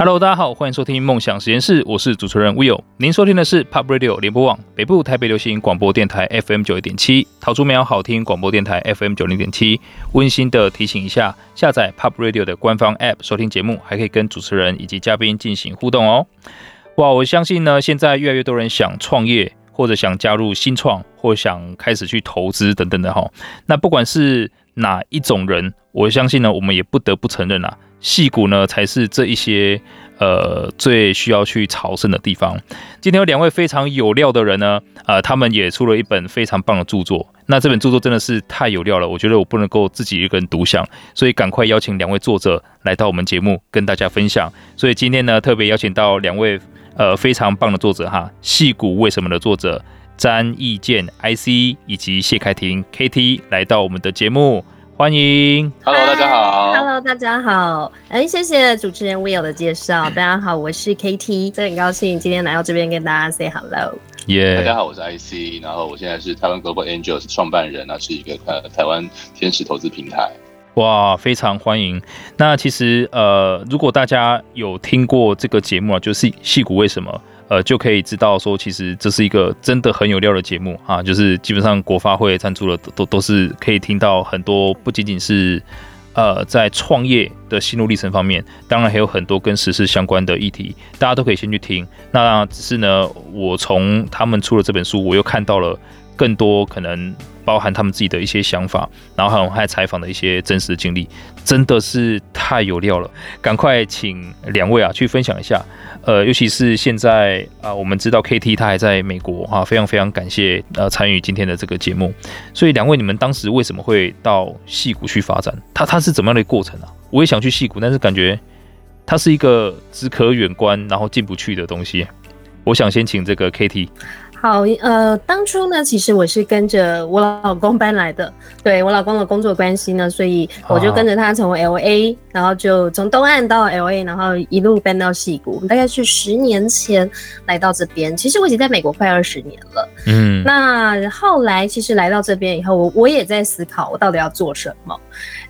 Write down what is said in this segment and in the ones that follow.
Hello，大家好，歡迎收聽夢想實驗室，我是主持人 Will。您收聽的是 POP Radio 聯播網北部台北流行廣播電台 FM 九一點七、桃竹苗好聽廣播電台 FM 九零點七。溫馨的提醒一下，下載 POP Radio 的官方 App 收聽節目，還可以跟主持人以及嘉賓進行互動哦。哇，我相信呢，現在越來越多人想創業，或者想加入新創，或想開始去投資等等的哈、哦。那不管是哪一種人，我相信呢，我們也不得不承認啊。矽谷呢，才是這一些呃最需要去朝聖的地方。今天有兩位非常有料的人呢，呃，他們也出了一本非常棒的著作。那這本著作真的是太有料了，我覺得我不能夠自己一個人獨享，所以趕快邀請兩位作者來到我們節目跟大家分享。所以今天呢，特別邀請到兩位呃非常棒的作者哈，矽谷為什麼的作者詹益鑑 IC 以及謝凱婷 KT 來到我們的節目。歡迎，Hello，Hi, 大家好，Hello，大家好，哎、欸，謝謝主持人 Will 的介紹，嗯、大家好，我是 KT，真的很高興今天來到這邊跟大家 say hello，耶，Yeah 大家好，我是 IC，然後我現在是台灣 Global Angels 創辦人，那是一個台灣天使投資平台，哇，非常歡迎，那其實呃，如果大家有聽過這個節目啊，就是矽谷為什麼？呃，就可以知道說，其實這是一個真的很有料的節目啊，就是基本上國發會贊助的都都是可以聽到很多不僅僅，不僅僅是呃在創業的心路歷程方面，當然還有很多跟時事相關的議題，大家都可以先去聽。那只是呢，我從他們出了這本書，我又看到了。更多可能包含他們自己的一些想法，然後還有採訪的一些真實的經歷，真的是太有料了！趕快請兩位啊去分享一下。呃，尤其是現在啊、呃，我們知道 KT 他還在美國啊，非常非常感謝呃參與今天的這個節目。所以兩位，你們當時為什麼會到矽谷去發展？他他是怎麼樣的一個過程啊？我也想去矽谷，但是感覺他是一個只可遠觀然後進不去的東西。我想先請這個 KT。好，呃，當初呢，其實我是跟着我老公搬來的，對，我老公的工作關係呢，所以我就跟着他從 LA，然後就從東岸到 LA，然後一路搬到矽谷。我們大概是十年前來到這邊，其實我已經在美國快二十年了。嗯，那後來其實來到這邊以後，我我也在思考我到底要做什麼，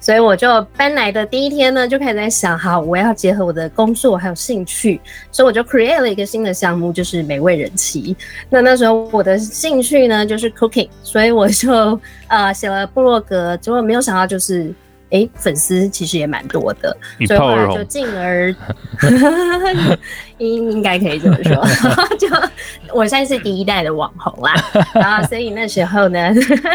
所以我就搬來的第一天呢，就開始在想好，我要結合我的工作還有興趣，所以我就 create 了一個新的項目，就是美味人妻。那那。時候我的興趣呢，就是 cooking，所以我就呃寫了部落格，結果沒有想到就是，哎、欸，粉絲其實也蠻多的，以所以後來就進而 應應該可以這麼說， 就我算是第一代的網紅啦。然後，所以那時候呢，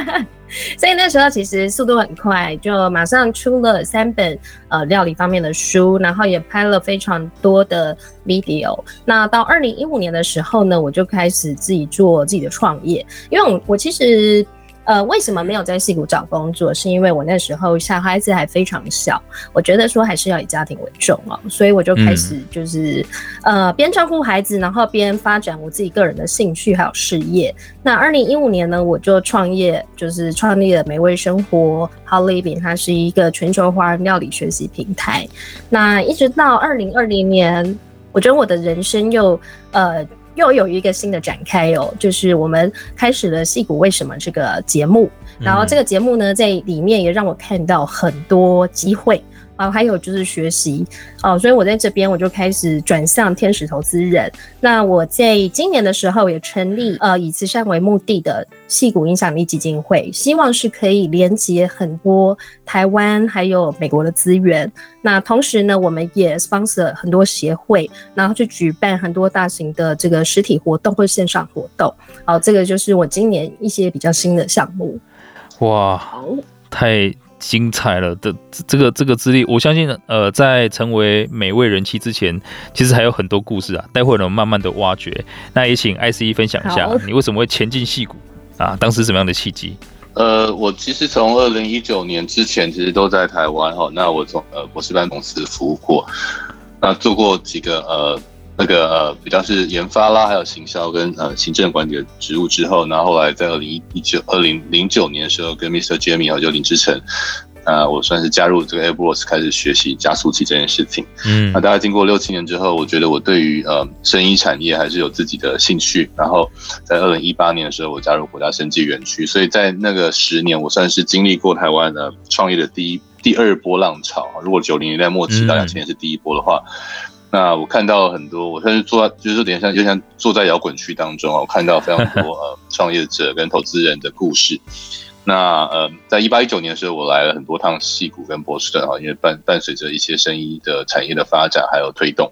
所以那時候其實速度很快，就馬上出了三本呃料理方面的書，然後也拍了非常多的 video。那到二零一五年的時候呢，我就開始自己做自己的創業，因為我我其實。呃，為什麼沒有在硅谷找工作？是因為我那時候小孩子還非常小，我覺得說還是要以家庭為重哦、喔。所以我就開始就是，嗯、呃，邊照顧孩子，然後邊發展我自己個人的興趣還有事業。那二零一五年呢，我就創業，就是創立了美味生活 How Living，它是一個全球華人料理學習平台。那一直到二零二零年，我覺得我的人生又呃。又有一個新的展開哦，就是我們開始了《矽谷為什麼》這個節目，嗯、然後這個節目呢，在裡面也讓我看到很多機會。哦，還有就是學習哦，所以我在這邊我就開始轉向天使投資人。那我在今年的時候也成立呃，以慈善為目的的矽谷影響力基金會，希望是可以連接很多台灣還有美國的資源。那同時呢，我們也 sponsor 很多協會，然後去舉辦很多大型的這個實體活動或線上活動。哦，這個就是我今年一些比較新的項目。哇，好，太。精彩了的這，這個這個資歷，我相信呃，在成為美味人妻之前，其實還有很多故事啊。待會兒我們，慢慢的挖掘。那也請艾斯怡，分享一下，你為什麼會前進矽谷啊？當時什麼樣的契機？呃，我其實從二零一九年之前，其實都在台灣哦。那我從呃博士班公司服務過，那做過幾個呃。那個呃，比較是研發啦，還有行銷跟呃行政管理的職務之後，然後，後來在二零一九二零零九年的時候，跟 Mr. Jamie 還有林志成，啊、呃，我算是加入這個 Air Boss 開始學習加速器這件事情。嗯，那、啊、大概經過六七年之後，我覺得我對於呃，生意產業還是有自己的興趣。然後在二零一八年的時候，我加入國家生技園區，所以在那個十年，我算是經歷過台灣的創業的第一第二波浪潮。如果九零年代末期到兩千年是第一波的話。嗯嗯那我看到了很多，我甚至坐在就是有點像，就像坐在搖滾區當中啊，我看到非常多 呃創業者跟投資人的故事。那呃，在一八一九年的時候，我來了很多趟矽谷跟波士頓哈，因為伴伴隨着一些生意的產業的發展還有推動，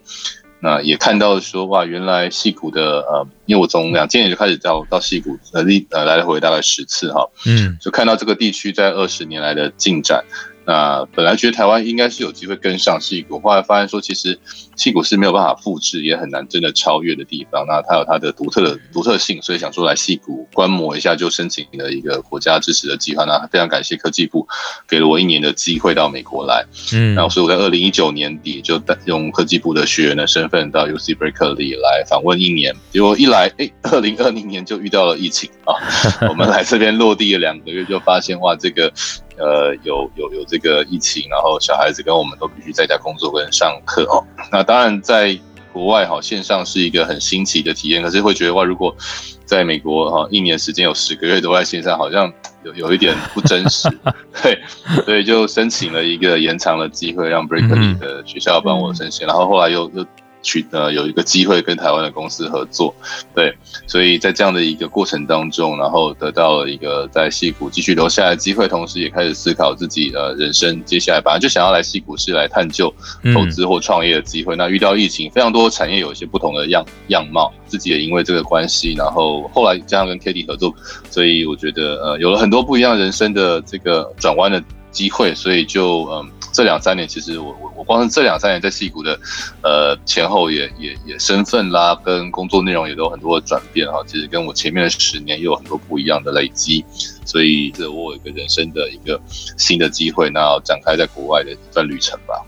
那也看到說哇，原來矽谷的呃，因為我從兩千年就開始到到矽谷呃，呃，來來回大概十次哈，嗯，就看到這個地區在二十年來的進展。那本來覺得台灣應該是有機會跟上矽谷，後來發現說其實矽谷是沒有辦法複製，也很難真的超越的地方。那它有它的獨特的獨特性，所以想說來矽谷觀摩一下，就申請了一個國家支持的計劃。那非常感謝科技部給了我一年的機會到美國來。嗯，那所以我在二零一九年底就用科技部的學員的身份到 U C Berkeley 來訪問一年。結果一來，哎、欸，二零二零年就遇到了疫情啊。我們來這邊落地了兩個月，就發現哇，這個。呃，有有有這個疫情，然後小孩子跟我們都必須在家工作跟上課哦。那當然，在國外哈、哦，線上是一個很新奇的體驗，可是會覺得哇，如果在美國哈、哦，一年時間有十個月都在線上，好像有有一點不真實。 對，所以就申請了一個延長的機會，讓 Berkeley 的學校幫我申請，嗯嗯然後後來又又去呃，有一個機會跟台灣的公司合作，對，所以在這樣的一個過程當中，然後得到了一個在矽谷繼續留下來的機會，同時也開始思考自己的、呃、人生，接下來反正就想要來矽谷是來探究投資或創業的機會。嗯、那遇到疫情，非常多的產業有一些不同的樣樣貌，自己也因為這個關係，然後後來加上跟 Kitty 合作，所以我覺得呃有了很多不一樣人生的這個轉彎的。機會，所以就嗯，這兩三年其實我我我光是這兩三年在矽谷的，呃，前後也也也身份啦，跟工作內容也都很多的轉變哈、啊，其實跟我前面的十年也有很多不一樣的累積，所以這我有一個人生的一個新的機會，那展開在國外的一段旅程吧。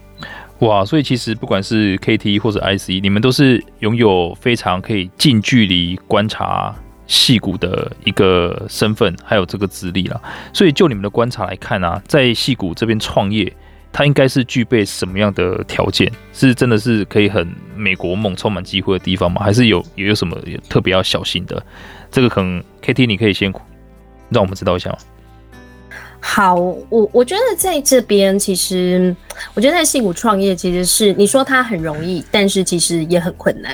嗯、哇，所以其實不管是 KT 或者 IC，你們都是擁有非常可以近距離觀察，矽谷的一個身份，還有這個資歷啦。所以就你們的觀察來看啊，在矽谷這邊創業，它應該是具備什麼樣的條件？是真的是可以很美國夢充滿機會的地方嗎？還是有也有什麼特別要小心的？這個可能 Kitty 你可以先讓我們知道一下。好，我我覺得在這邊，其實我覺得在矽谷創業，其實是你說它很容易，但是其實也很困難，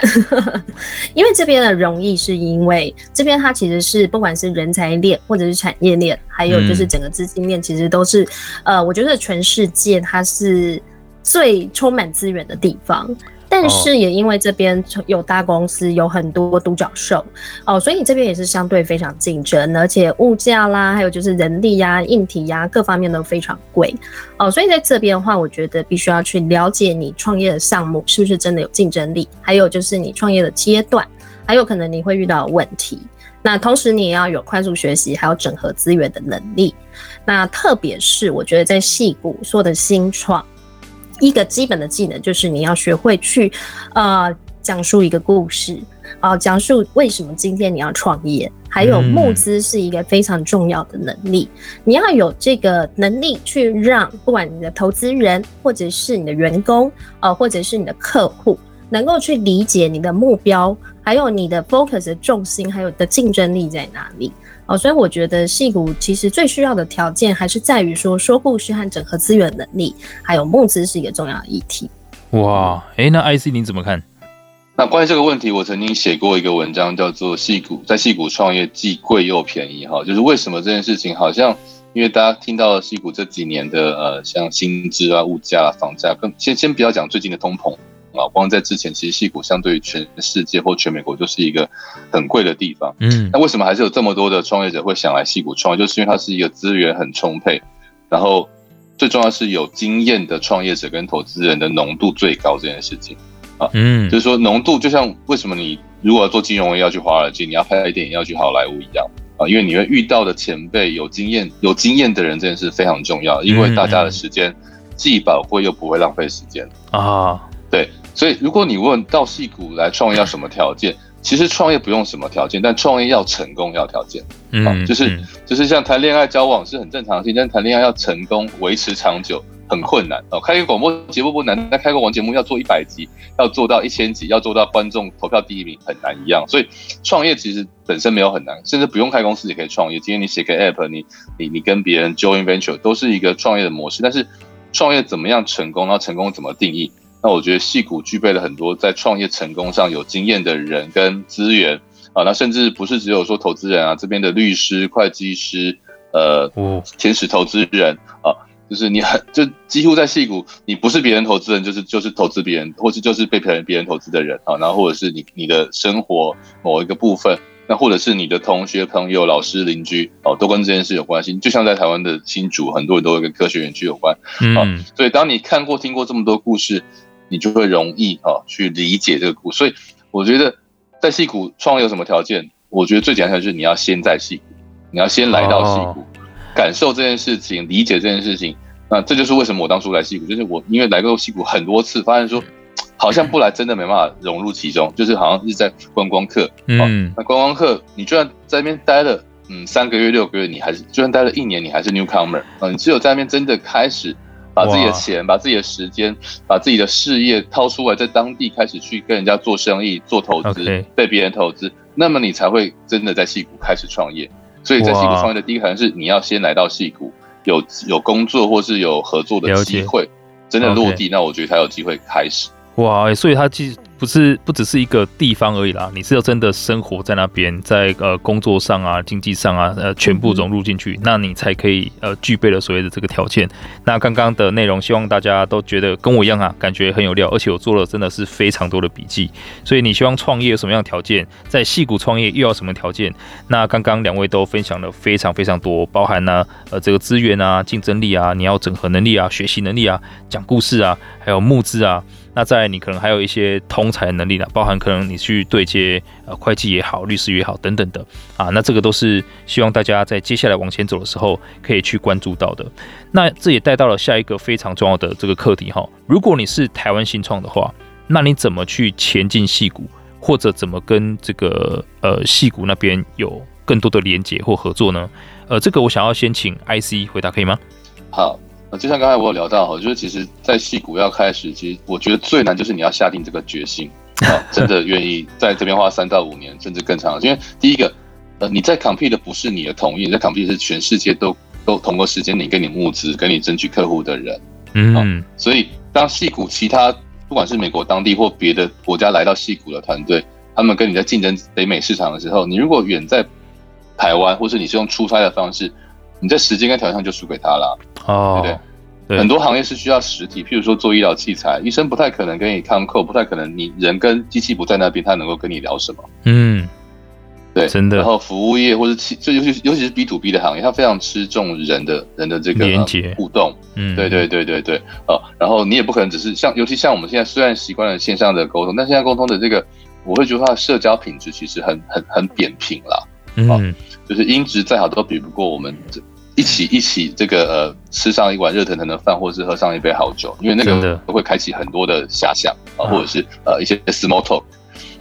因為這邊的容易是因為這邊它其實是不管是人才鏈或者是產業鏈，還有就是整個資金鏈，其實都是，嗯、呃，我覺得全世界它是最充滿資源的地方。但是也因為這邊有大公司，有很多獨角獸哦，所以這邊也是相對非常競爭，而且物價啦，還有就是人力呀、啊、硬體呀、啊、各方面都非常貴哦，所以在這邊的話，我覺得必須要去了解你創業的項目是不是真的有競爭力，還有就是你創業的階段，還有可能你會遇到的問題。那同時你也要有快速學習，還有整合資源的能力。那特別是我覺得在矽谷說的新創，一個基本的技能就是你要學會去，呃，講述一個故事，啊，呃，講述為什麼今天你要創業，還有募資是一個非常重要的能力，嗯，你要有這個能力去讓不管你的投資人或者是你的員工，哦，呃，或者是你的客戶，能夠去理解你的目標，還有你的 focus 的重心，還有的競爭力在哪裡。哦，所以我覺得矽谷其實最需要的條件還是在於說，說故事和整合資源能力，還有募資是一個重要議題。哇，哎、欸，那 IC 您怎麼看？那關於這個問題，我曾經寫過一個文章，叫做谷《矽谷在矽谷創業既貴又便宜》哈，就是為什麼這件事情好像，因為大家聽到矽谷這幾年的呃，像薪資啊、物價啊、房價，更先先不要講最近的通膨。老光在之前，其實矽谷相對於全世界或全美國就是一個很貴的地方。嗯，那為什麼還是有這麼多的創業者會想來矽谷創業？就是因為它是一個資源很充沛，然後最重要是有經驗的創業者跟投資人的濃度最高這件事情啊。嗯，就是說濃度就像為什麼你如果做金融也要去華爾街，你要拍電影要去好萊塢一樣啊，因為你會遇到的前輩有經驗有經驗的人這件事非常重要，因為大家的時間既寶貴又不會浪費時間啊。對。所以，如果你問到矽谷來創業要什麼條件，嗯、其實創業不用什麼條件，但創業要成功要條件。嗯、啊，就是就是像談戀愛交往是很正常性，但談戀愛要成功維持長久很困難哦、啊。開一個廣播節目不難，但開個廣播節目要做一百集，要做到一千集，要做到觀眾投票第一名很難一樣。所以創業其實本身沒有很難，甚至不用開公司也可以創業。今天你寫個 App，你你你跟別人 join venture 都是一個創業的模式。但是創業怎麼樣成功，然後成功怎麼定義？那我覺得矽谷具備了很多在創業成功上有經驗的人跟資源啊，那甚至不是只有說投資人啊，這邊的律師、會計師，呃，天使投資人啊，就是你很就幾乎在矽谷，你不是別人投資人，就是就是投資別人，或是就是被別人別人投資的人啊，然後或者是你你的生活某一個部分，那或者是你的同學、朋友、老師、鄰居哦、啊，都跟這件事有關係，就像在台灣的新竹，很多人都跟科學園區有關，嗯、啊，所以當你看過、聽過這麼多故事，你就會容易啊、哦、去理解這個谷，所以我覺得在矽谷創業有什麼條件？我覺得最簡單就是你要先在矽谷，你要先來到矽谷，oh. 感受這件事情，理解這件事情。那這就是為什麼我當初來矽谷，就是我因為來過矽谷很多次，發現說好像不來真的沒辦法融入其中，就是好像是在觀光客。嗯、mm. 哦，那觀光客你就算在那邊待了，嗯，三個月六個月，你還是就算待了一年，你還是 newcomer、呃。嗯，你只有在那邊真的開始。把自己的錢、哇把自己的時間、把自己的事業掏出來，在當地開始去跟人家做生意、做投資，Okay. 被別人投資，那麼你才會真的在矽谷開始創業。所以，在矽谷創業的第一個可能是你要先來到矽谷，有有工作或是有合作的機會，了解真的落地，Okay. 那我覺得他有機會開始。哇、欸，所以他其實。不是不只是一個地方而已啦，你是要真的生活在那邊，在呃工作上啊、經濟上啊、呃全部融入進去，那你才可以呃具備了所謂的這個條件。那剛剛的內容，希望大家都覺得跟我一樣啊，感覺很有料，而且我做了真的是非常多的筆記。所以你希望創業有什麼樣的條件？在矽谷創業又要什麼條件？那剛剛兩位都分享了非常非常多，包含呢、啊、呃這個資源啊、競爭力啊、你要整合能力啊、學習能力啊、講故事啊，還有募資啊。那在你可能還有一些通才能力呢，包含可能你去對接呃會計也好，律師也好等等的啊，那這個都是希望大家在接下來往前走的時候可以去關注到的。那這也帶到了下一個非常重要的這個課題哈。如果你是台灣新創的話，那你怎麼去前進矽谷，或者怎麼跟這個呃矽谷那邊有更多的連接或合作呢？呃，這個我想要先請 IC 回答可以嗎？好。啊、就像剛才我有聊到哈，就是其實，在矽谷要開始，其實我覺得最難就是你要下定這個決心，啊，真的願意在這邊花三到五年，甚至更長。因為第一個，呃，你在 compete 的不是你的同業，你在 compete 是全世界都都同個時間，你跟你募資，跟你爭取客戶的人，啊、嗯。所以，當矽谷其他不管是美國當地或別的國家來到矽谷的團隊，他們跟你在競爭北美市場的時候，你如果遠在台灣，或是你是用出差的方式。你在時間跟條件上就輸給他了，oh, 對，對對。對，很多行業是需要實體，譬如說做醫療器材，醫生不太可能跟你 con-call，不太可能你人跟機器不在那邊，他能夠跟你聊什麼？嗯，對，真的。然後服務業或者其，就尤其尤其是 B to B 的行業，它非常吃重人的、人的這個連接結、嗯、互動。嗯，對對對對對。哦、啊，然後你也不可能只是像，尤其像我們現在雖然習慣了線上的溝通，但現在溝通的這個，我會覺得他的社交品質其實很很很扁平了。啊、嗯。就是音質再好都比不過我們一起一起這個呃吃上一碗熱騰騰的飯，或是喝上一杯好酒，因為那個會開啟很多的遐想啊，或者是呃一些 small talk。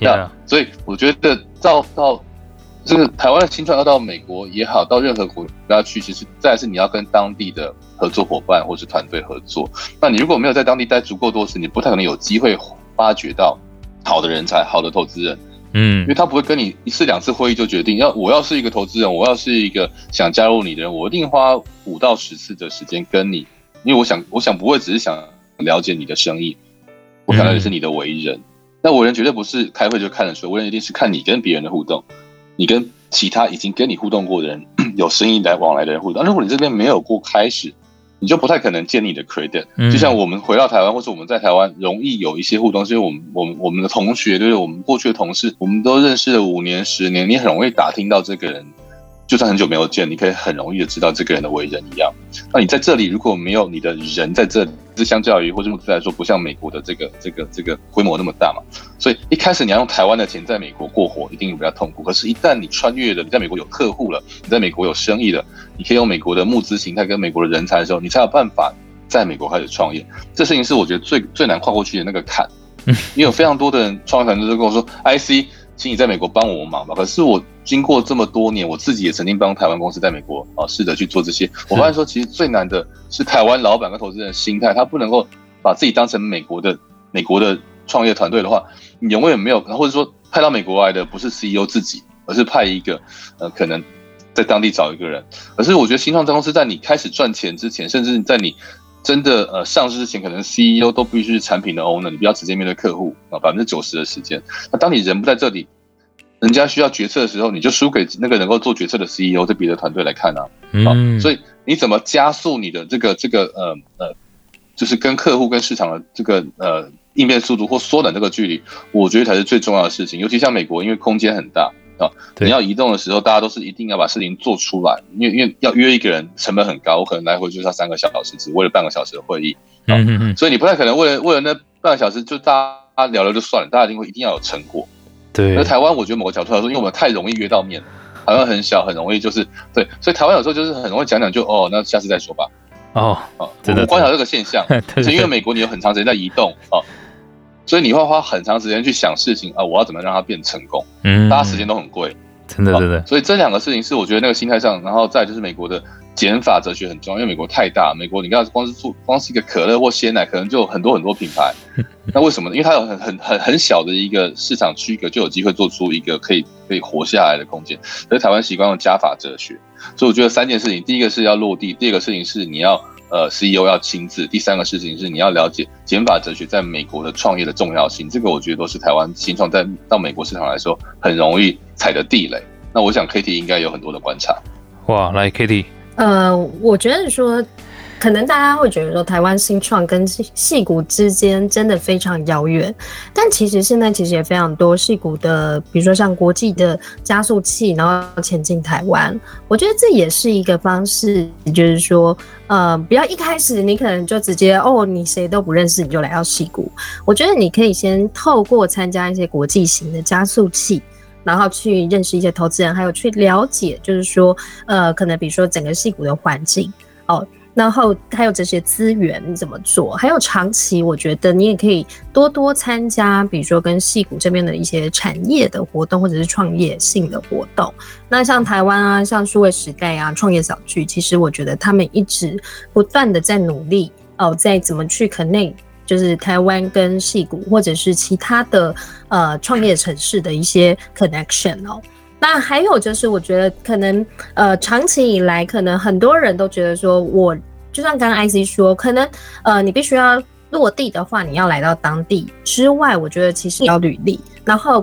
真的啊。那所以我覺得到到這個台灣的新創要到美國也好，到任何國家去，其實再來是你要跟當地的合作夥伴或是團隊合作。那你如果沒有在當地待足夠多時，你不太可能有機會發掘到好的人才、好的投資人。嗯，因為他不會跟你一次兩次會議就決定，要，我要是一個投資人，我要是一個想加入你的人，我一定花五到十次的時間跟你，因為我想，我想不會只是想了解你的生意，我想了解是你的為人。那、嗯、我人絕對不是開會就看得出來，我人一定是看你跟別人的互動，你跟其他已經跟你互動過的人有生意來往來的人互動。啊、如果你這邊沒有過開始。你就不太可能建立你的 credit，就像我們回到台灣，或者我們在台灣容易有一些互動，是因為我們、我們、我們的同學，就是我們過去的同事，我們都認識了五年、十年，你很容易打聽到這個人。就算很久沒有見，你可以很容易的知道這個人的為人一樣。那你在這裡如果沒有你的人在這裡，這相較於或者募資來說，不像美國的這個這個這個規模那麼大嘛。所以一開始你要用台灣的錢在美國過活，一定比較痛苦。可是，一旦你穿越了，你在美國有客戶了，你在美國有生意了，你可以用美國的募資形態跟美國的人才的時候，你才有辦法在美國開始創業。這事情是我覺得最最難跨過去的那個坎。嗯， 因為有非常多的人創業團隊都跟我說，IC。請你在美國幫我們忙吧。可是我經過這麼多年，我自己也曾經幫台灣公司在美國啊試着去做這些。我發現說，其實最難的是台灣老板跟投資人的心態，他不能夠把自己當成美國的美國的創業團隊的話，你永遠沒有，或者說派到美國來的不是 CEO 自己，而是派一個呃可能在當地找一個人。可是我覺得新創公司，在你開始賺錢之前，甚至在你真的，呃，上市之前可能 CEO 都必須是產品的 owner，你不要直接面對客戶啊，百分之九十的時間。那、啊、當你人不在這裡，人家需要決策的時候，你就輸給那個能夠做決策的 CEO 在別的團隊來看啊。啊嗯，所以你怎麼加速你的這個這個呃呃，就是跟客戶跟市場的這個呃應變速度或縮短這個距離，我覺得才是最重要的事情。尤其像美國，因為空間很大。哦、你要移動的時候，大家都是一定要把事情做出來，因為因為要約一個人成本很高，我可能來回就差三個小時，只為了半個小時的會議，哦、嗯嗯嗯，所以你不太可能為了為了那半個小時就大家聊聊就算了，大家一定會一定要有成果，對。那台灣我覺得某個角度來說，因為我們太容易約到面了，台灣很小很容易就是對，所以台灣有時候就是很容易講講就哦，那下次再說吧，哦哦，哦得我觀察這個現象，所以呵因為美國你有很長時間在移動哦。所以你會花很長時間去想事情啊，我要怎麼讓它變成功？嗯，大家時間都很貴，嗯、對吧？真的對對。所以這兩個事情是我覺得那個心態上，然後再就是美國的減法哲學很重要，因為美國太大，美國你剛剛光是做光是一個可樂或鮮奶，可能就有很多很多品牌。那為什麼呢？因為它有很很很很小的一個市場區隔，就有機會做出一個可以可以活下來的空間。所以台灣習慣用加法哲學，所以我覺得三件事情，第一個是要落地，第二個事情是你要。呃，CEO 要親自。第三個事情是，你要了解減法哲學在美國的創業的重要性。這個我覺得都是台灣新創在到美國市場來說很容易踩的地雷。那我想 Katie 應該有很多的觀察。哇，來 Katie，呃，我覺得說。可能大家會覺得說，台灣新創跟矽矽谷之間真的非常遙遠，但其實現在其實也非常多矽谷的，比如說像國際的加速器，然後前進台灣，我覺得這也是一個方式，就是說，呃，不要一開始你可能就直接哦，你誰都不認識，你就來到矽谷，我覺得你可以先透過參加一些國際型的加速器，然後去認識一些投資人，還有去了解，就是說，呃，可能比如說整個矽谷的環境哦。然後還有這些資源怎麼做？還有長期，我覺得你也可以多多參加，比如說跟矽谷這邊的一些產業的活動，或者是創業性的活動。那像台灣啊，像數位時代啊，創業小聚，其實我覺得他們一直不斷的在努力哦、呃，在怎麼去 connect，就是台灣跟矽谷或者是其他的呃創業城市的一些 connection 哦。那還有就是，我覺得可能呃長期以來，可能很多人都覺得說我。就像剛剛 IC 說，可能呃，你必須要落地的話，你要來到當地之外，我覺得其實要履歷，然後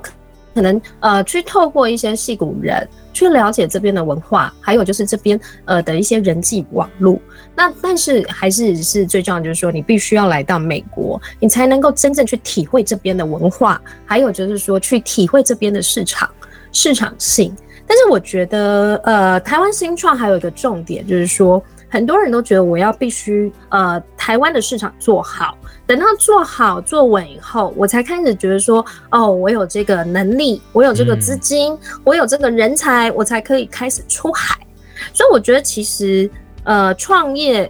可能呃，去透過一些矽谷人去了解這邊的文化，還有就是這邊呃的一些人際網絡。那但是還是是最重要的，就是說你必須要來到美國，你才能夠真正去體會這邊的文化，還有就是說去體會這邊的市場市場性。但是我覺得呃，台灣新創還有一個重點就是說。很多人都覺得我要必須呃、台灣的市場做好，等到做好做穩以後，我才開始覺得說，哦，我有這個能力，我有這個資金，嗯、我有這個人才，我才可以開始出海。所以我覺得其實呃創業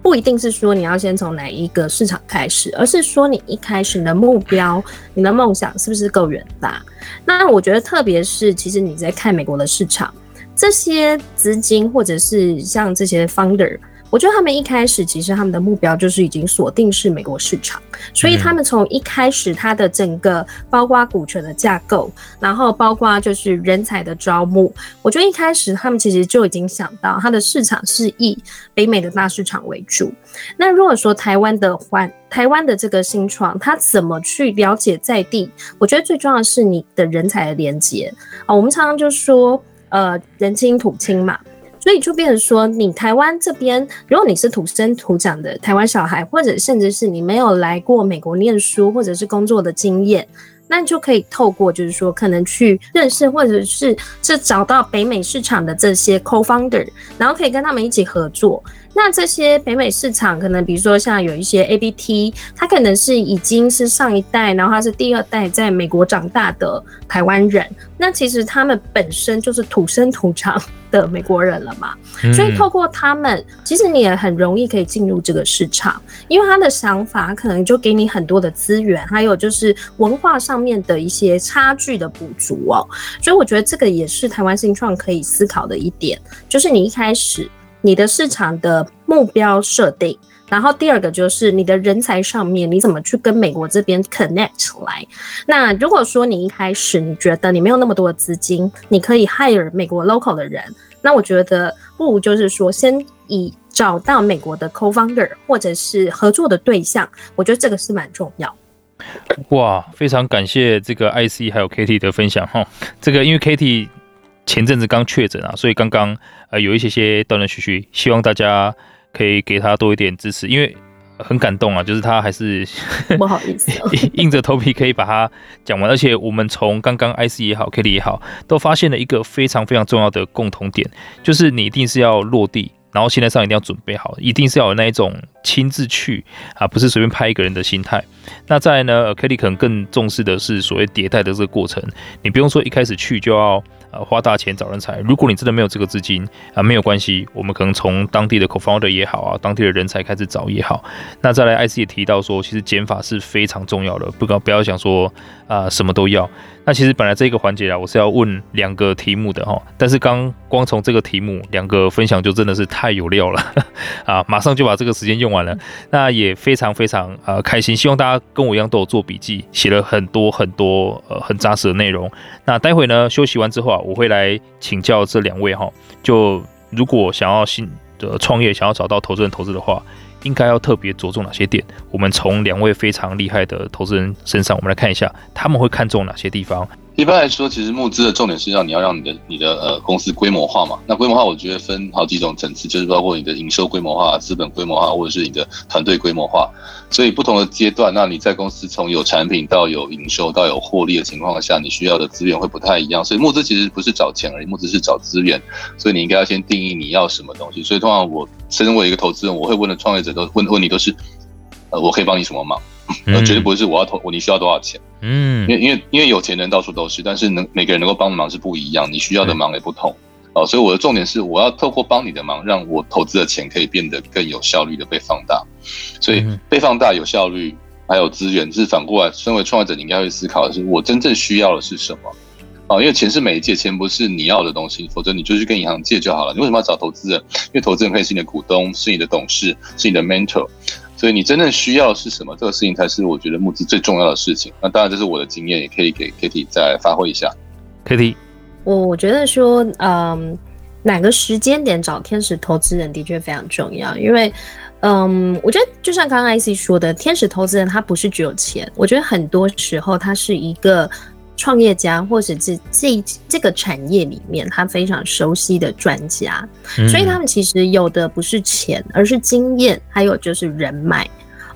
不一定是說你要先從哪一個市場開始，而是說你一開始你的目標、你的夢想是不是夠遠大？那我覺得特別是其實你在看美國的市場。這些資金或者是像這些 founder，我覺得他們一開始其實他們的目標就是已經鎖定是美國市場，所以他們從一開始他的整個包括股權的架構，然後包括就是人才的招募，我覺得一開始他們其實就已經想到他的市場是以北美的大市場為主。那如果說台灣的環台灣的這個新創，他怎麼去了解在地？我覺得最重要的是你的人才的連接啊，我們常常就說。呃，人親土親嘛，所以就變成說，你台灣這邊，如果你是土生土長的台灣小孩，或者甚至是你沒有來過美國念書或者是工作的經驗，那你就可以透過就是說，可能去認識或者是是找到北美市場的這些 co-founder，然後可以跟他們一起合作。那這些北美市場，可能比如說像有一些 ABT，他可能是已經是上一代，然後他是第二代在美國長大的台灣人，那其實他們本身就是土生土長的美國人了嘛，所以透過他們，其實你也很容易可以進入這個市場，因為他的想法可能就給你很多的資源，還有就是文化上面的一些差距的補足哦、喔，所以我覺得這個也是台灣新創可以思考的一點，就是你一開始。你的市場的目標設定，然後第二個就是你的人才上面，你怎麼去跟美國這邊 connect 來？那如果說你一開始你覺得你沒有那麼多的資金，你可以 hire 美國 local 的人，那我覺得不如就是說先以找到美國的 co-founder 或者是合作的對象，我覺得這個是蠻重要。哇，非常感謝這個 IC 還有 Katie 的分享哈，這個因為 Katie。前陣子剛確診啊，所以剛剛呃有一些些斷斷續續，希望大家可以給他多一點支持，因為很感動啊，就是他還是不好意思， 硬着頭皮可以把他講完。而且我們從剛剛 IC 也好 ，Kitty 也好，都發現了一個非常非常重要的共同點，就是你一定是要落地，然後現在上一定要準備好，一定是要有那一種。親自去啊，不是隨便拍一個人的心態。那再來呢，Kelly 可能更重視的是所謂迭代的這個過程。你不用說一開始去就要呃、啊、花大錢找人才，如果你真的沒有這個資金啊，沒有關係，我們可能從當地的 co-founder 也好啊，當地的人才開始找也好。那再來，IC 也提到說，其實減法是非常重要的，不不要想說啊什麼都要。那其實本來這個環節啊，我是要問兩個題目的哈，但是剛光從這個題目兩個分享就真的是太有料了 啊，馬上就把這個時間用。完了，嗯、那也非常非常呃開心，希望大家跟我一樣都有做筆記，寫了很多很多呃很扎實的內容。那待會呢，休息完之後啊，我會來請教這兩位哈，就如果想要新的創、呃、業，想要找到投資人投資的話，應該要特別着重哪些點？我們從兩位非常厲害的投資人身上，我們來看一下他們會看重哪些地方。一般來說，其實募資的重點是讓你要讓你的你的呃公司規模化嘛。那規模化，我覺得分好幾種層次，就是包括你的營收規模化、資本規模化，或者是你的團隊規模化。所以不同的階段，那你在公司從有產品到有營收到有獲利的情況下，你需要的資源會不太一樣。所以募資其實不是找錢而已，募資是找資源。所以你應該要先定義你要什麼東西。所以通常我身為一個投資人，我會問的創業者都問問你都是，呃，我可以幫你什麼忙？嗯、絕對不是我要投，我你需要多少錢？嗯，因為因為因為有錢人到處都是，但是能每個人能夠幫忙是不一樣，你需要的忙也不同、嗯、哦。所以我的重點是，我要透過幫你的忙，讓我投資的錢可以變得更有效率的被放大。所以被放大、有效率，還有資源，是反過來，身為創業者，你應該去思考的是，我真正需要的是什麼？哦，因為錢是媒介，錢不是你要的東西，否則你就去跟銀行借就好了。你為什麼要找投資人？因為投資人可以是你的股東，是你的董事，是你的 mentor。所以你真正需要的是什麼？這個事情才是我覺得募資最重要的事情。那當然，這是我的經驗，也可以給 Kitty 再發揮一下。Kitty，我我覺得說，嗯，哪個時間點找天使投資人的確非常重要，因為，嗯，我覺得就像剛剛 IC 說的，天使投資人他不是只有錢，我覺得很多時候他是一個。創業家，或者是這這個產業裡面他非常熟悉的專家，所以他們其實有的不是錢，而是經驗，還有就是人脈。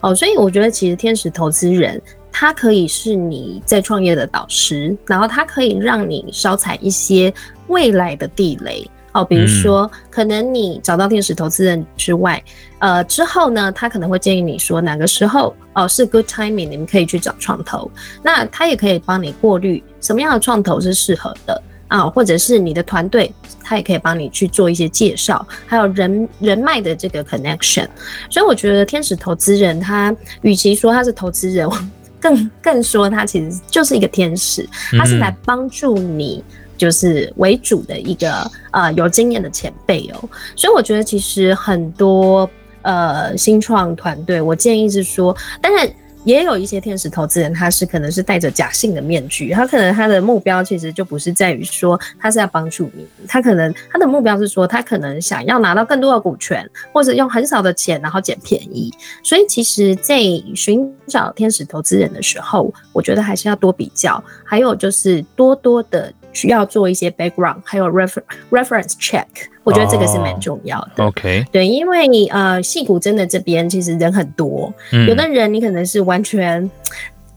哦，所以我覺得其實天使投資人，他可以是你在創業的導師，然後他可以讓你少踩一些未來的地雷。比如說，可能你找到天使投資人之外，呃，之後呢，他可能會建議你說哪個時候哦、呃、是 good timing，你們可以去找創投，那他也可以幫你過濾什麼樣的創投是適合的啊、呃，或者是你的團隊，他也可以幫你去做一些介紹，還有人人脈的這個 connection。所以我覺得天使投資人他，他與其說他是投資人，更更說他其實就是一個天使，他是來幫助你。就是為主的一個呃，有經驗的前輩哦，所以我覺得其實很多呃新創團隊，我建議是說，當然也有一些天使投資人，他是可能是戴着假性的面具，他可能他的目標其實就不是在於說他是要幫助你，他可能他的目標是說他可能想要拿到更多的股權，或者用很少的錢然後撿便宜，所以其實在尋找天使投資人的時候，我覺得還是要多比較，還有就是多多的。需要做一些 background，還有 reference check，oh, 我覺得這個是蠻重要的。OK，對，因為呃，矽谷真的這邊其實人很多，嗯、有的人你可能是完全，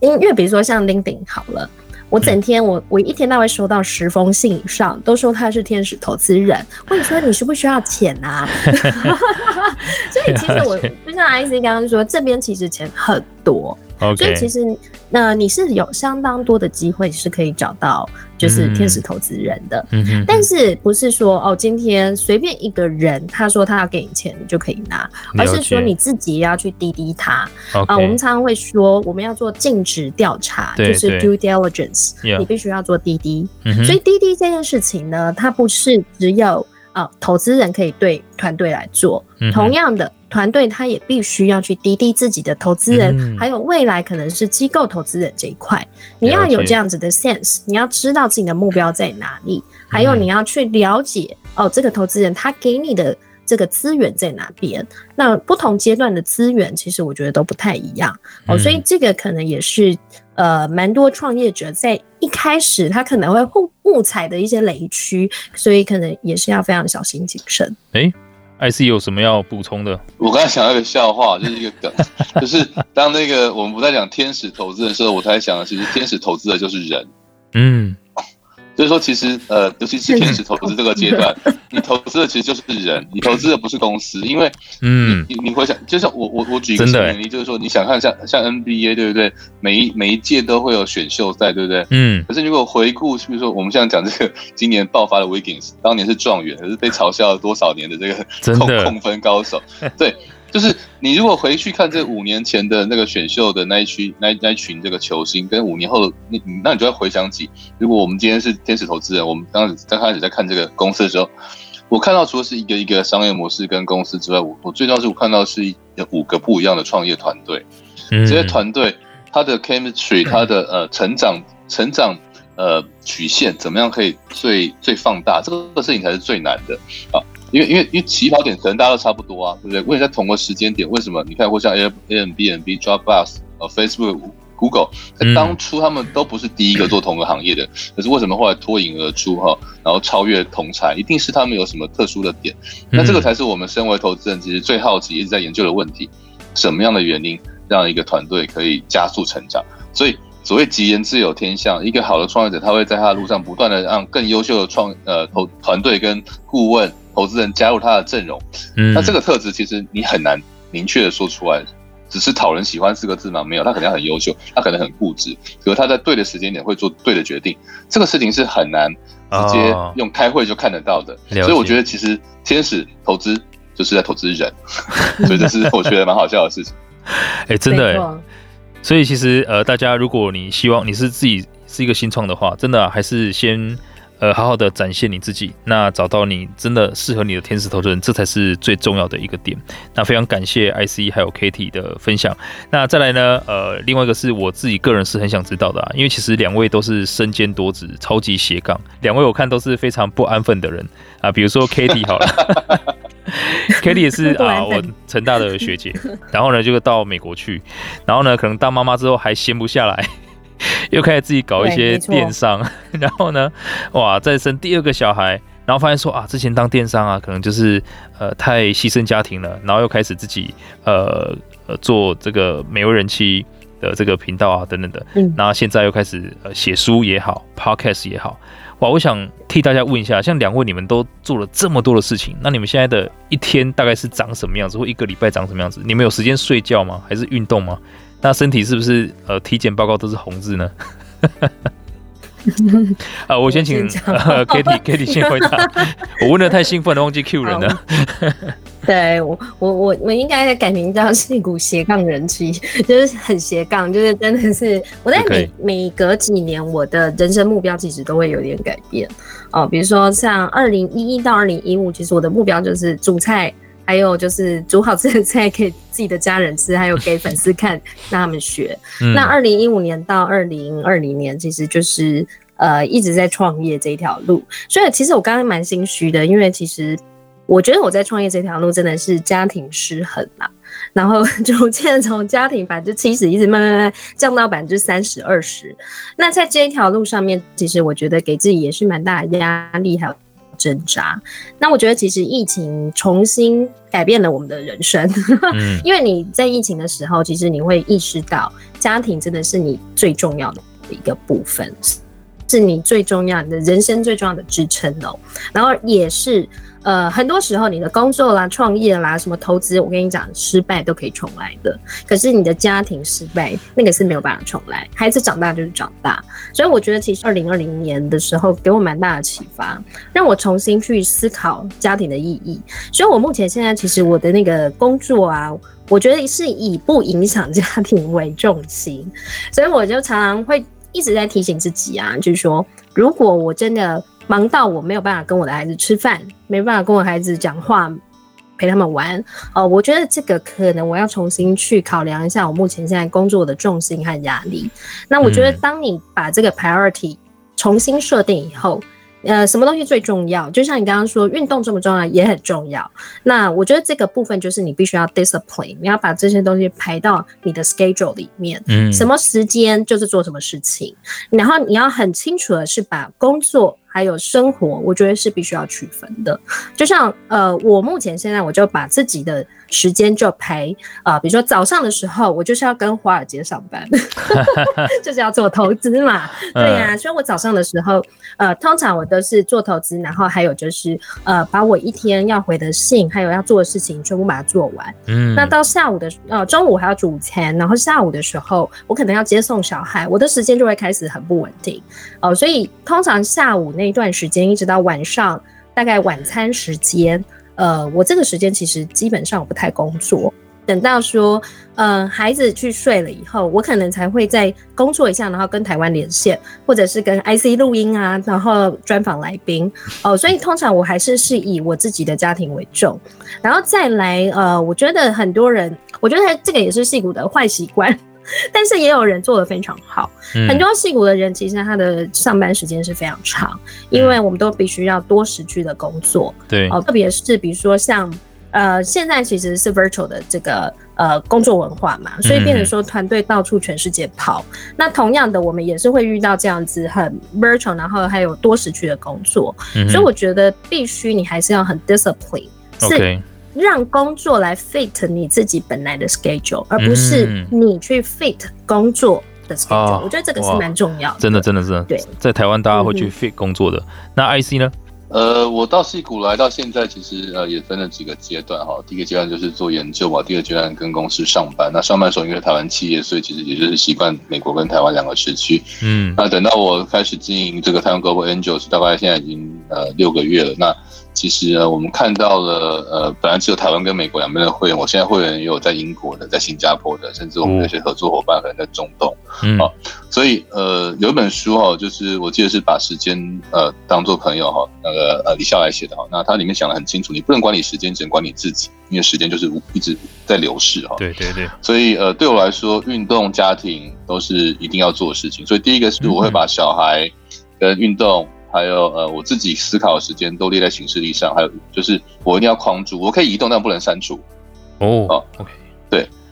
因為比如說像 LinkedIn 好了，我整天、嗯、我我一天到晚收到十封信以上，都說他是天使投資人，或者說你需不需要錢啊？ 所以其實我就像 IC 剛剛說，這邊其實錢很多。Okay. 所以其實，那、呃、你是有相當多的機會是可以找到就是天使投資人的，嗯、但是不是說哦，今天隨便一個人他說他要給你錢，你就可以拿，解而是說你自己要去滴滴他啊 Okay.、呃。我們常常會說，我們要做盡職調查，對就是 due diligence，對你必須要做滴滴。嗯、哼所以滴滴這件事情呢，它不是只有啊、呃、投資人可以對團隊來做，嗯、哼同樣的。團隊他也必須要去滴滴自己的投資人，嗯、還有未來可能是機構投資人這一塊，了解。你要有這樣子的 sense，你要知道自己的目標在哪裡，嗯、還有你要去了解哦，這個投資人他給你的這個資源在哪邊？那不同階段的資源其實我覺得都不太一樣哦，嗯、所以這個可能也是呃，蠻多創業者在一開始他可能會誤踩的一些雷區，所以可能也是要非常小心謹慎。欸 IC 有什麼要補充的？我剛才想到一個笑話，就是一個梗， 就是當那個我們不在講天使投資的時候，我才想的是，其實天使投資的就是人。嗯。所以說，其實呃，尤其是天使投資這個階段，嗯嗯、你投資的其實就是人，嗯、你投資的不是公司，因為你你你回想，就像我我我舉一個例子，就是說你想看像像 NBA 對不對？每一每一屆都會有選秀賽對不對？嗯。可是如果回顧，比如說我們現在講這個今年爆發的 Wiggins，當年是狀元，可是被嘲笑了多少年的這個控的控分高手，對。 就是你如果回去看這五年前的那個選秀的那一群，那一那一群這個球星，跟五年後的那那，你就會回想起。如果我們今天是天使投資人，我們剛開始在看這個公司的時候，我看到除了是一個一個商業模式跟公司之外，我我最重要是我看到是有五個不一樣的創業團隊，這些團隊它的 chemistry，它的呃成長成長呃曲線怎麼樣可以最最放大，這個事情才是最難的啊。因為因為因為起跑點可能大家都差不多啊，對不對？問一下同個時間點，為什麼你看會像 Airbnb Dropbox 呃 Facebook Google，在當初他們都不是第一個做同個行業的，可是為什麼後來脫穎而出哈，然後超越同儕，一定是他們有什麼特殊的點？那這個才是我們身為投資人其實最好奇一直在研究的問題，什麼樣的原因讓一個團隊可以加速成長？所以所謂吉人自有天相，一個好的創業者他會在他的路上不斷的讓更優秀的創呃投團隊跟顧問。投資人加入他的陣容，嗯、那這個特質其實你很難明確的說出來，只是討人喜歡四個字嗎？沒有，他可能很優秀，他可能很固執，可是他在對的時間點會做對的決定，這個事情是很難直接用開會就看得到的。哦、所以我覺得其實天使投資就是在投資人，了解。所以這是我覺得蠻好笑的事情。誒、 欸，真的、欸，沒錯。所以其實呃，大家如果你希望你是自己是一個新創的話，真的、啊、還是先。呃，好好的展現你自己，那找到你真的適合你的天使投資人，這才是最重要的一個點。那非常感謝 IC 還有 Kitty 的分享。那再來呢？呃，另外一個是我自己個人是很想知道的啊，因為其實兩位都是身兼多職，超級斜槓，兩位我看都是非常不安分的人啊。比如說 Kitty 好了，Kitty 也是 啊，我成大的學姐， 然後呢，就到美國去，然後呢可能當媽媽之後還閒不下來。 又開始自己搞一些電商， 然後呢，哇，再生第二個小孩，然後發現說啊，之前當電商啊，可能就是呃太犧牲家庭了，然後又開始自己呃呃做這個美味人妻的這個頻道啊等等的，嗯，然後現在又開始呃寫書也好，podcast 也好，哇，我想替大家問一下，像兩位你們都做了這麼多的事情，那你們現在的一天大概是長什麼樣子，或一個禮拜長什麼樣子？你們有時間睡覺嗎？還是運動嗎？那身體是不是呃體檢報告都是紅字呢？ 啊，我先請 Katie、呃、 Katie 先回答。 我問的太興奮了，忘記 Q 人了。 對我我我我應該改名叫是一股斜槓人氣，就是很斜槓，就是真的是我在每 Okay. 每隔幾年我的人生目標其實都會有點改變哦、呃，比如說像二零一一到二零一五，其實我的目標就是煮菜。還有就是煮好吃的菜給自己的家人吃，還有給粉絲看， 讓他們學。嗯、那二零一五年到二零二零年，其實就是呃一直在創業這條路。所以其實我剛剛蠻心虛的，因為其實我覺得我在創業這條路真的是家庭失衡了、啊、然後逐漸從家庭百分之七十一直慢慢慢慢降到百分之三十二十。那在這一條路上面，其實我覺得給自己也是蠻大的壓力，還有。掙扎，那我覺得其實疫情重新改變了我們的人生，嗯，因為你在疫情的時候，其實你會意識到家庭真的是你最重要的一個部分，是你最重要，你的人生最重要的支撐哦，然後也是。呃，很多時候你的工作啦、創業啦、什麼投資，我跟你講，失敗都可以重來的。可是你的家庭失敗，那個是沒有辦法重來。孩子長大就是長大，所以我覺得其實二零二零年的時候給我蠻大的啟發，讓我重新去思考家庭的意義。所以我目前現在其實我的那個工作啊，我覺得是以不影響家庭為重心，所以我就常常會一直在提醒自己啊，就是說，如果我真的。忙到我沒有辦法跟我的孩子吃飯，沒辦法跟我的孩子講話，陪他們玩。哦、呃，我覺得這個可能我要重新去考量一下我目前現在工作的重心和壓力。那我覺得當你把這個 priority 重新設定以後，嗯、呃，什麼東西最重要？就像你剛剛說，運動這麼重要，也很重要。那我覺得這個部分就是你必須要 discipline，你要把這些東西排到你的 schedule 裡面。嗯，什麼時間就是做什麼事情，嗯、然後你要很清楚的是把工作，還有生活，我覺得是必須要區分的。就像呃，我目前現在我就把自己的時間就陪呃，比如說早上的時候，我就是要跟華爾街上班， 就是要做投資嘛。 對呀、啊，所以我早上的時候，呃，通常我都是做投資，然後還有就是呃，把我一天要回的信，還有要做的事情全部把它做完。嗯，那到下午的呃，中午還要煮午餐，然後下午的時候，我可能要接送小孩，我的時間就會開始很不穩定。哦、呃，所以通常下午，那一段時間一直到晚上，大概晚餐時間，呃，我這個時間其實基本上我不太工作。等到說，呃，孩子去睡了以後，我可能才會再工作一下，然後跟台灣連線，或者是跟 IC 錄音啊，然後專訪來賓。哦、呃，所以通常我還是是以我自己的家庭為重，然後再來，呃，我覺得很多人，我覺得這個也是矽谷的壞習慣。但是也有人做得非常好，嗯、很多矽谷的人其實他的上班時間是非常長，嗯、因為我們都必須要多時區的工作。對，哦、呃，特別是比如說像呃，現在其實是 virtual 的這個呃工作文化嘛，所以變成說，團隊到處全世界跑。嗯、那同樣的，我們也是會遇到這樣子很 virtual，然後還有多時區的工作，嗯、哼所以我覺得必須你還是要很 discipline。是。Okay. 讓工作來 fit 你自己本來的 schedule，而不是你去 fit 工作的 schedule。嗯、我覺得這個是蠻重要的,、啊、真的。真的，真的是。對，在台灣大家會去 fit 工作的。嗯、哼那 I C 呢？呃，我到硅谷來到現在，其實呃也分了幾個階段哈。第一個階段就是做研究嘛，第二階段跟公司上班。那上班的時候因為台灣企業，所以其實也就是習慣美國跟台灣兩個時區。嗯，那等到我開始經營這個台灣 Global Angels，大概現在已經呃六個月了。那其實我們看到了，呃，本來只有台灣跟美國兩邊的會員，我現在會員也有在英國的，在新加坡的，甚至我們那些合作夥伴、嗯、可能在中東。好、嗯哦，所以呃，有一本書哦，就是我記得是把時間呃當作朋友哈、哦，那個呃李笑來寫的哈。那它裡面講的很清楚，你不能管理時間，只能管理自己，因為時間就是無一直在流逝哈。哦、對對對。所以呃，對我來說，運動、家庭都是一定要做的事情。所以第一個是我會把小孩跟運動。嗯還有呃，我自己思考的時間都列在行事曆上。還有就是，我一定要框住，我可以移動，但不能刪除。哦，好，OK。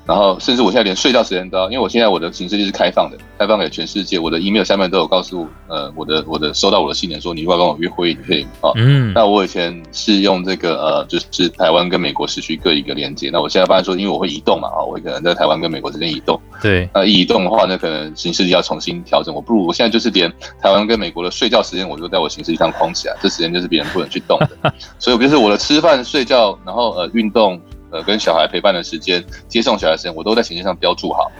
然後，甚至我現在連睡覺時間都要，因為我現在我的行事曆是開放的，開放給全世界。我的 email 下面都有告訴，呃，我的我的收到我的信件說你如果跟我約會，你可以啊。哦、嗯。那我以前是用這個呃，就是台灣跟美國時區各一個連接。那我現在發現說，因為我會移動嘛啊、哦，我可能在台灣跟美國之間移動。對。那、呃、移動的話，那可能行事曆要重新調整。我不如我現在就是連台灣跟美國的睡覺時間，我就在我行事曆上框起來，這時間就是別人不能去動的。 所以，就是我的吃飯、睡覺，然後呃運動。呃，跟小孩陪伴的時間、接送小孩時間，我都在行程上標注好。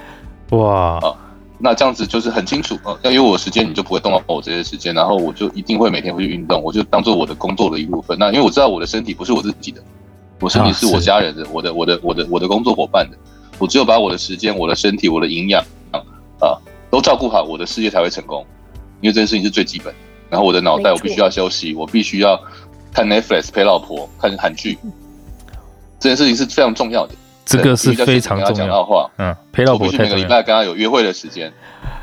哇啊，那這樣子就是很清楚啊。那因為我有時間，你就不會動到我這些時間，然後我就一定會每天會去運動，我就當做我的工作的一部分。那因為我知道我的身體不是我自己的，我身體是我家人的，啊、我的、我的、我的、我的工作伙伴的。我只有把我的時間、我的身體、我的營養啊，啊，都照顧好，我的事業才會成功。因為這件事情是最基本的。然後我的腦袋，我必須要休息，我必須要看 Netflix 陪老婆看韓劇。嗯這件事情是非常重要的，這個是非常重要。跟他講到話，嗯，陪老婆我必須每個禮拜跟他有約會的時間，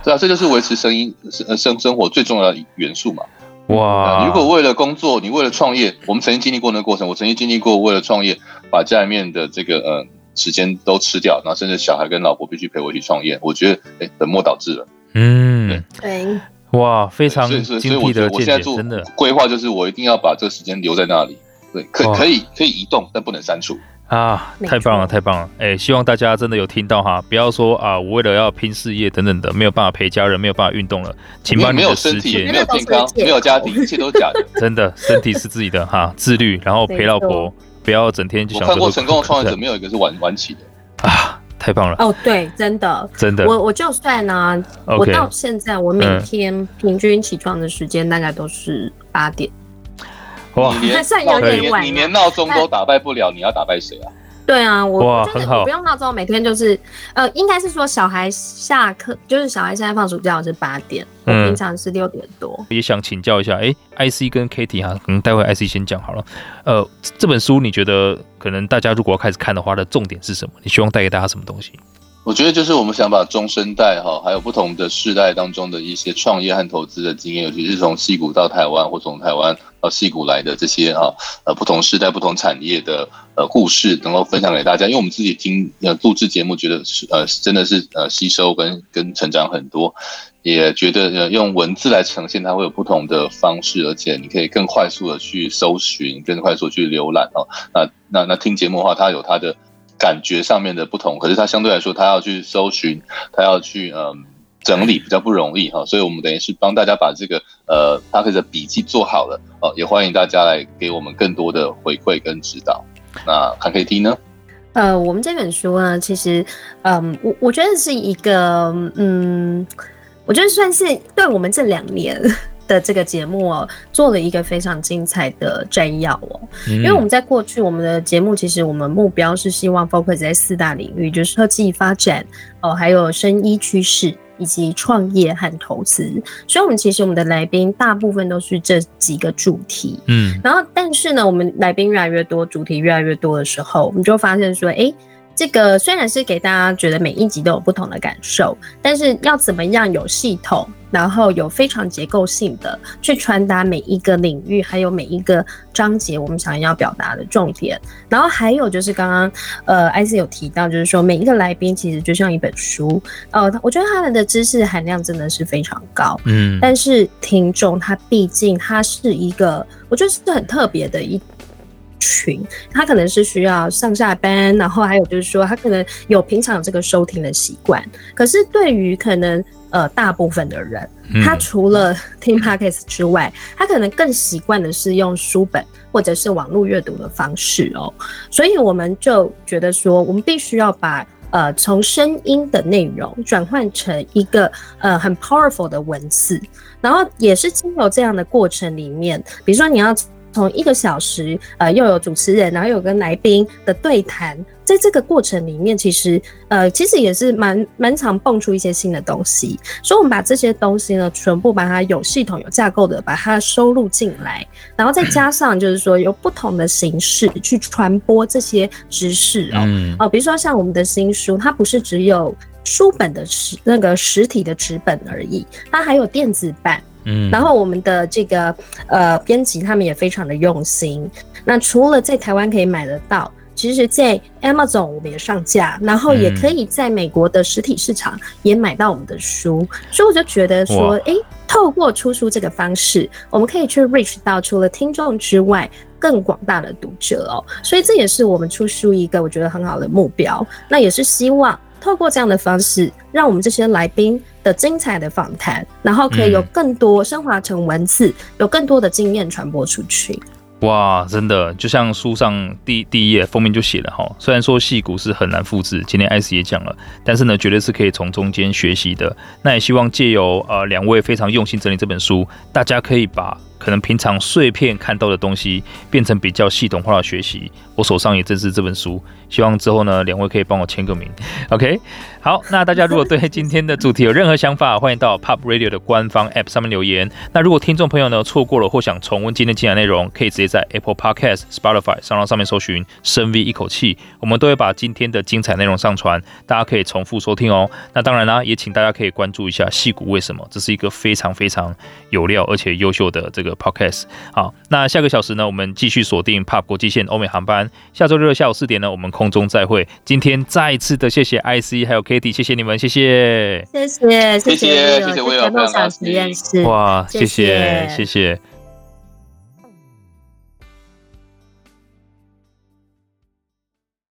對啊，這就是維持生意生生生活最重要的元素嘛。哇，呃、如果為了工作，你為了創業，我們曾經經歷過那個過程，我曾經經歷過為了創業，把家裡面的這個呃時間都吃掉，然後甚至小孩跟老婆必須陪我去創業。我覺得，哎，本末倒置了。嗯，對，嗯、哇，非常的所以，所以我覺得我現在做規劃，就是我一定要把這個時間留在那裡。可可以可以，可以移動，但不能刪除啊！太棒了，太棒了！哎、欸，希望大家真的有聽到哈，不要說啊，我為了要拼事業等等的，沒有辦法陪家人，沒有辦法運動了，請把沒有身體、沒有健康、沒有家庭， 一切都假的。真的，身體是自己的哈，自律，然後陪老婆，錯不要整天就想成功，我看過成功的創業者，沒有一個是晚晚起的啊！太棒了。哦，oh, 對，真的，真的，我我就算呢、啊，okay, 我到現在我每天平均起床的時間大概都是八點。嗯哇，你連你連鬧鐘都打敗不了，你要打敗誰啊？啊對啊，我就是我不用鬧鐘，每天就是呃，應該是說小孩下課，就是小孩現在放暑假是八點，我平常是六點多。嗯、也想請教一下，誒、欸、，IC 跟 Kitty 哈、嗯，可能待會 IC 先講好了。呃，這本書你覺得可能大家如果要開始看的話的重點是什麼？你希望帶給大家什麼東西？我覺得就是我們想把中生代哈，還有不同的世代當中的一些創業和投資的經驗，尤其是從矽谷到台灣或從台灣到矽谷來的這些哈，呃，不同世代、不同產業的呃故事，能夠分享給大家。因為我們自己聽呃錄製節目，覺得是呃真的是呃吸收跟跟成長很多，也覺得用文字來呈現，它會有不同的方式，而且你可以更快速的去搜尋，更快速的去瀏覽哦。那那那聽節目的話，它有它的。感覺上面的不同，可是他相對來說他要去，他要去搜尋，他要去嗯整理，比較不容易哈、哦。所以我們等於是幫大家把這個呃，他的筆記做好了哦，也歡迎大家來給我們更多的回饋跟指導。那還可以聽呢？呃，我們這本書呢，其實嗯、呃，我我覺得是一個嗯，我覺得算是對我們這兩年的這個節目哦，做了一個非常精彩的摘要哦，因為我們在過去我們的節目，其實我們目標是希望 focus 在四大領域，就是科技發展哦，還有生意趨勢以及創業和投資，所以我們其實我們的來賓大部分都是這幾個主題，嗯，然後但是呢，我們來賓越來越多，主題越來越多的時候，我們就發現說，哎。這個雖然是給大家覺得每一集都有不同的感受，但是要怎麼樣有系統，然後有非常結構性的去傳達每一個領域，還有每一個章節我們想要表達的重點。然後還有就是剛剛呃，IC 有提到，就是說每一個來賓其實就像一本書，呃，我覺得他們的知識含量真的是非常高。嗯，但是聽眾他畢竟他是一個，我覺得是很特別的一。群，他可能是需要上下班，然後還有就是說，他可能有平常有這個收聽的習慣。可是對於可能呃大部分的人，嗯、他除了聽 Podcast 之外，他可能更習慣的是用書本或者是網絡閱讀的方式哦、喔。所以我們就覺得說，我們必須要把呃從聲音的內容轉換成一個呃很 powerful 的文字，然後也是經由這樣的過程裡面，比如說你要。從一個小時，呃，又有主持人，然後有個來賓的對談，在這個過程裡面，其實，呃，其實也是蠻蠻常蹦出一些新的東西，所以，我們把這些東西呢，全部把它有系統、有架構的把它收錄進來，然後再加上就是說，有不同的形式去傳播這些知識哦，哦、嗯呃，比如說像我們的新書，它不是只有書本的實那個實體的紙本而已，它還有電子版。嗯，然後我們的這個呃編輯他們也非常的用心。那除了在台灣可以買得到，其實，在 Amazon 我們也上架，然後也可以在美國的實體市場也買到我們的書。所以我就覺得說，哎，透過出書這個方式，我們可以去 reach 到除了聽眾之外更廣大的讀者哦。所以這也是我們出書一個我覺得很好的目標。那也是希望透過這樣的方式。讓我們這些來賓的精彩的訪談，然後可以有更多升華成文字，嗯、有更多的經驗傳播出去。哇，真的就像書上第一第一頁封面就寫了哈，雖然說矽谷是很難複製，今天艾斯也講了，但是呢，絕對是可以從中間學習的。那也希望借由呃兩位非常用心整理這本書，大家可以把可能平常碎片看到的東西，變成比較系統化的學習。我手上也正是這本書，希望之後呢，兩位可以幫我簽個名。OK，好，那大家如果對今天的主題有任何想法，歡迎到 POP Radio 的官方 App 上面留言。那如果聽眾朋友呢，錯過了或想重溫今天精彩內容，可以直接在 Apple Podcast、Spotify 上上面搜尋《深 V 一口氣》，我們都會把今天的精彩內容上傳，大家可以重複收聽哦。那當然啦、啊，也請大家可以關注一下《矽谷為什麼》，這是一個非常非常。有料而且優秀的這個 podcast，好，那下個小時呢，我們繼續鎖定 POP 國際線歐美航班。下周六下午四點呢，我們空中再會。今天再一次的謝謝 IC 還有 Katie，謝謝你們，謝謝，謝謝，謝謝，謝謝夢想實驗室，哇，謝謝，謝謝。